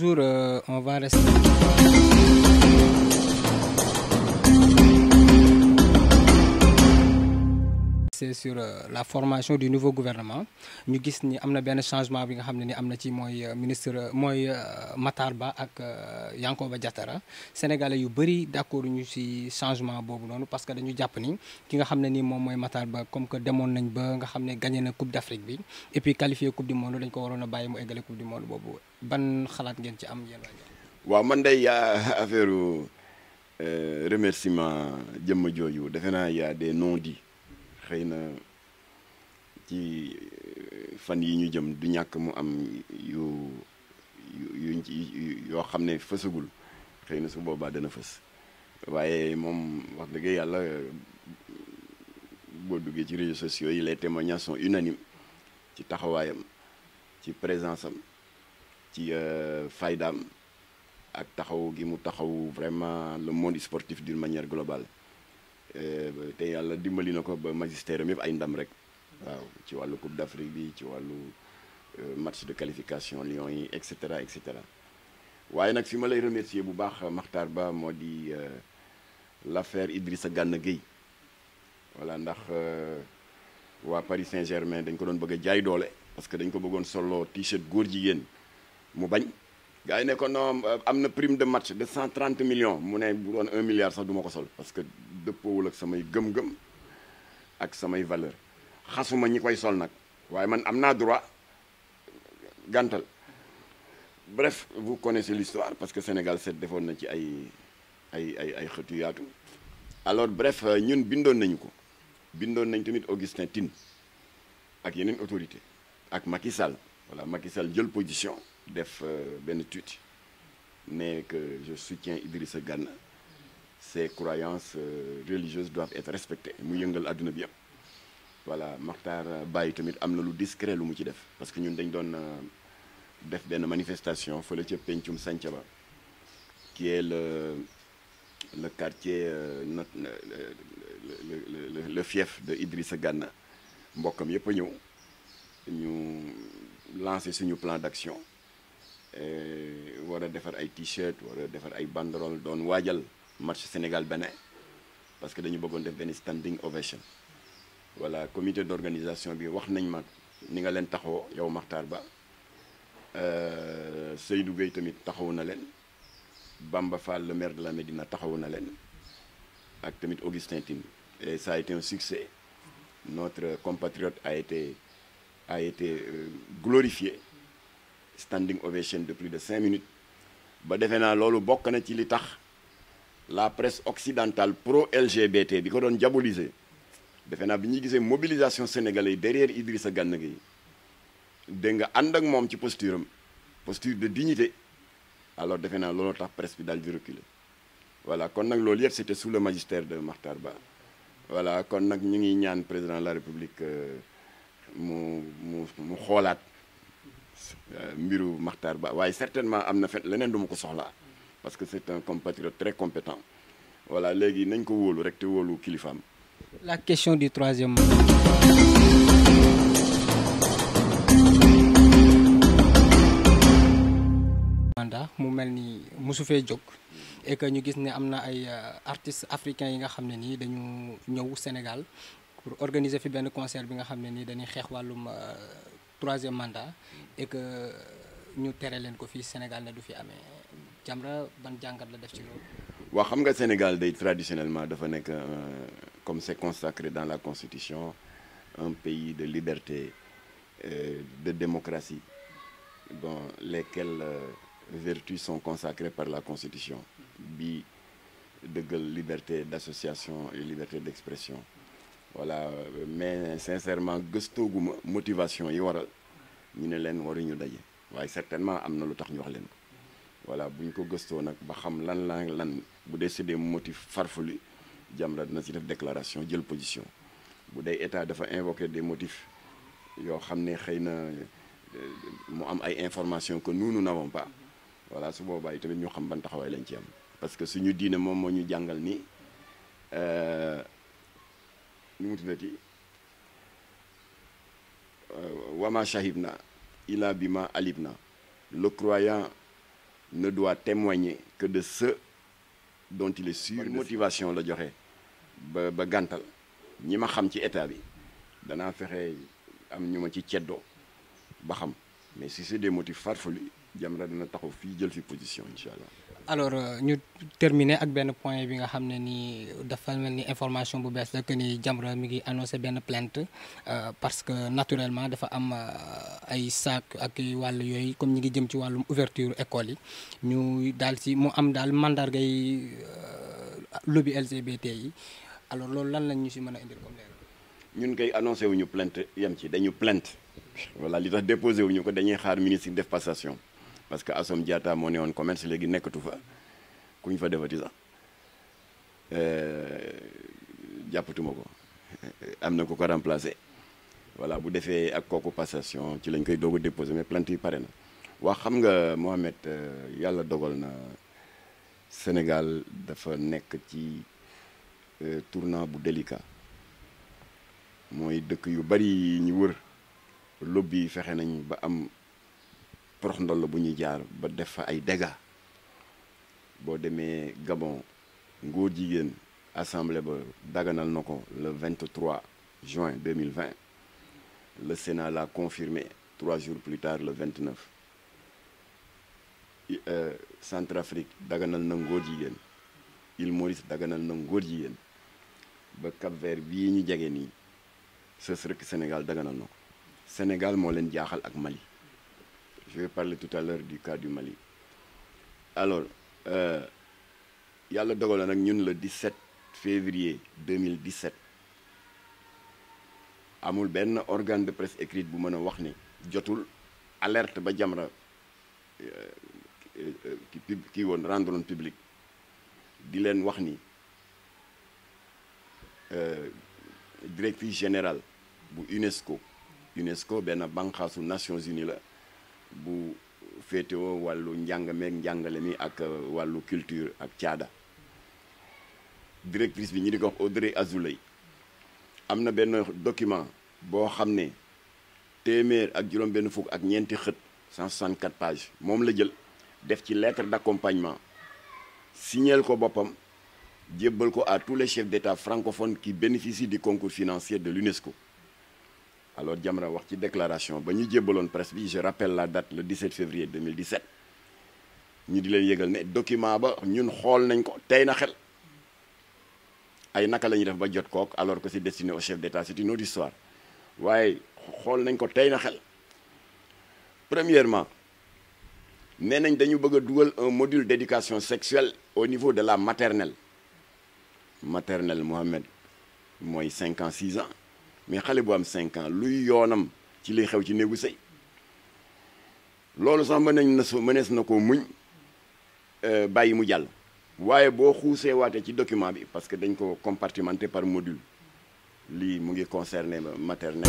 toujours, euh, on va rester. axé sur euh, la formation du nouveau gouvernement ñu gis ni am na benn changement bi nga xam ne ni am na ci mooy euh, ministre euh, mooy Matar Ba ak ba Diattara sénégalais yu bari d'accord ñu ci changement boobu noonu parce que dañu jàpp ni ki nga xam ne ni moom mooy Matar Ba comme que demoon nañ ba nga xam ne gagné na coupe d'Afrique bi et puis qualifié coupe du monde dañ ko waroon a bàyyi mu eggale coupe du monde boobu ban xalaat ngeen ci am yéen waaw man day affaire remerciement jëmm jooju y a des non xëy na ci euh, fan yi ñu jëm du ñàkk mu am yu yu ci yoo xam ne fësagul xëy na su boobaa dana fës waaye moom wax dëggee yàlla boo duggee ci réseaux sociaux yi les témoignages sont unanimes ci taxawaayam ci présence am ci euh, faydaam ak taxaw gi mu taxaw vraiment le monde sportif d'une manière globale Eh, te yàlla dimbali na ko ba magistère am yëpp ay ndam rek waaw ci wàllu coupe d'Afrique bi ci wàllu euh, match de qualification Lions yi et cetera et cetera waaye nag fi ma lay remercier bu baax Makhtar Ba moo di euh, l'affaire Idrissa Gana Gueye voilà ndax euh, waa Paris Saint-Germain dañ ko doon bëgg a jaay doole parce que dañ ko bëggoon solo t-shirt góor jigéen mu bañ gaa yi ne ko non euh, am na prime de match de cent trent million mu ne bu doon un milliard sax du ma ko sol parce que dëppoowul ak samay gëm-gëm ak samay valeur xasuma ñi koy sol nag waaye man am naa droit gàntal bref vous connaissez l'histoire parce que Sénégal seet defoon na ci ay ay ay ay xëtu yaatu alors bref euh, ñun bindoon nañu ko bindoon nañ tamit Augustin Tine ak yeneen autorité ak Macky Sall voilà Macky jël position def euh, benn tweet mais que je soutiens sa Gana ses croyances euh, religieuses doivent être respectées mu yëngal àdduna bi yëpp voilà Makhtar euh, bàyyi tamit am na lu discret lu mu ci def parce que ñun dañ doon def benn manifestation fële ca Pencum Santhiaba qui est le le quartier not le le fief de Idrissa Gana mbokkam yëpp a ñëw ñu lancer suñu plan d'action Eh, war a defar ay t-shirt war a defar ay banderole doon waajal match Sénégal Bénin parce que dañu bëggoon def benn standing ovation voilà comité d'organisation bi wax nañ mag ni nga leen taxawoo yow Makhtar Ba euh, Seydou Gueye tamit taxawu na leen Bamba Fall le maire de la Médina taxawu na leen ak tamit Augustin Tine et ça a un succès notre compatriote a été a été euh, glorifié standing ovation de plus de cinq minutes ba defe naa loolu bokk na ci li tax la press occidentale pro LGBT bi ko doon diaboliser defe naa bi ñuy gisee mobilisation sénégalais yi derrière Idrissa Gana Gueye dégg nga ànd ak moom ci posture am posture de dignité alors defe naa loolu tax presse bi daal di reculer voilà kon nag loolu yëpp c'était sous le magistère de Makhtar Ba voilà kon nag ñu ngi ñaan président de la république euh, mu mu mu xoolaat. Euh, mbiru Makhtar Ba waaye certainement am na fet leneen du ma ko soxlaa parce que c'est un compatriote très compétent voilà léegi nañ ko wóolu rek te wóolu kilifaam. la question du troisième mandat mu mel ni mosu fee jóg et que ñu gis ne am na ay euh, artistes africains yi nga xam ne nii dañu ñëw Sénégal pour organiser fi benn concert bi nga xam ne nii dañuy xeex wàllum. Euh, troisième mandat et que ñu tere leen ko fii Sénégal ne du fi amee Jamra ban jàngat la def ci loolu. waaw xam nga Sénégal day traditionnellement dafa nekk euh, comme c'est consacré dans la constitution un pays de liberté euh, de démocratie les lesquelles euh, vertus son consacrées par la constitution bi dëggal liberté d'association et liberté d'expression voilà mais sincèrement gëstooguma motivation yi waral ñu ne leen waruñu daje waaye certainement am na lu tax ñu wax leen ko voilà bu ñu ko gëstoo nag ba xam lan la lan bu dee c'est des motifs farfelus Jamra dina ci def déclaration jël position bu dee état dafa invoqué des motifs yoo xam ne xëy na euh, mu am ay informations que nous nous n'avons pas voilà su boobaa yi tamit ñu xam ban taxawaay lañ ci am parce que suñu diine moom moo ñu jàngal ni. Euh, nu mu tuddati euh, wama shahibna ila bima alibna le croyant ne doit témoigner que de ce dont il est sûr motivation la joxe ba ba gàntal ñi ma xam ci état bi danaa fexe am ñu ma ci ceddoo ba xam mais si c'est des motifs farfelus Jamra dana taxaw fii jël fi position incha allah alors euh, ñu terminer ak benn point bi nga xam ne ni dafa mel ni information bu bees la que ni Jamra mi ngi annoncé benn plainte euh, parce que naturellement dafa am euh, ay sac ak wàll yooyu comme ñu ngi jëm ci wàllum ouverture école yi ñu daal si mu am daal mandargay lobby LGBT yi alors loolu lan lañ ñu si mën a indil comme leer ñun koy annoncé wuñu plainte ci dañu plant voilà li tax déposé ko dañuy xaar ministre def passation parce que Assome Diatta moo ne woon commerce léegi nekkatu fa ku ñu fa defati sax euh, jàppatuma ko am na ku ko remplacer voilà bu defee ak kooku passation ci lañ koy doog a déposé mais plainte yi pare na waa xam nga Mohamed euh, yàlla dogal na Sénégal dafa nekk ci euh, tournant bu délicat mooy dëkk yu bari ñu wër lobby fexe nañ ba am porox ndol la bu ñuy jaar ba def fa ay dégâts boo demee Gabon ngóor jigéen assemblée ba daganal na ko le 23 juin 2020 le Sénat l'a confirmé trois jours plus tard le 29 euh, Centrafrique daganal na ngóor jigéen Île Maurice daganal na ngóor jigéen ba Cap-Vert bii ñu jege nii sës rek Sénégal daganal na ko Sénégal moo leen jaaxal ak Mali je vais parler tout à l'heure du cas du Mali alors euh, yàlla dogal na nag ñun le 17 février amul benn organe de presse écrite bu mën a wax ni jotul alerte ba Jamra ki euh, euh, kii woon rendre woon public di leen wax ni directrice générale bu UNESCO UNESCO benn banqaasu Nations Unies la bu féetewoo wàllu njàng njàngale mi ak euh, wàllu culture ak caada directrice bi ñu di ko wax Audrey Azoulay am na benn document boo xam ne téeméer ak juróom benn fukk ak ñeenti xët 164 page moom la jël def ci lettre d'accompagnement signeel ko boppam jébbal ko à tous les chefs d'État francophones qui bénéficient du concours financier de l'UNESCO alors Jamra wax ci déclaration ba ñu jébbaloon presse bi je rappelle la date le 17 février 2017 ñu di leen yëgal ne document ba ñun xool nañ ko tey na xel ay naka la def ba jot kook alors que si destiné au chef d'État c'est une autre histoire waaye xool nañ ko tey na xel premièrement nee nañ dañu bëgg a dugal un module d'éducation sexuelle au niveau de la maternelle maternelle Mohamed mooy cinquante ans 6 ans mais xale bu am cinq luy yoonam ci li xew ci néegu sëy loolu sax nañ na mënees na ko muñ euh, bàyyi mu jàll waaye boo xuusee waatee ci document bi parce que dañ ko compartimenté par module lii mu ngi concerné maternelle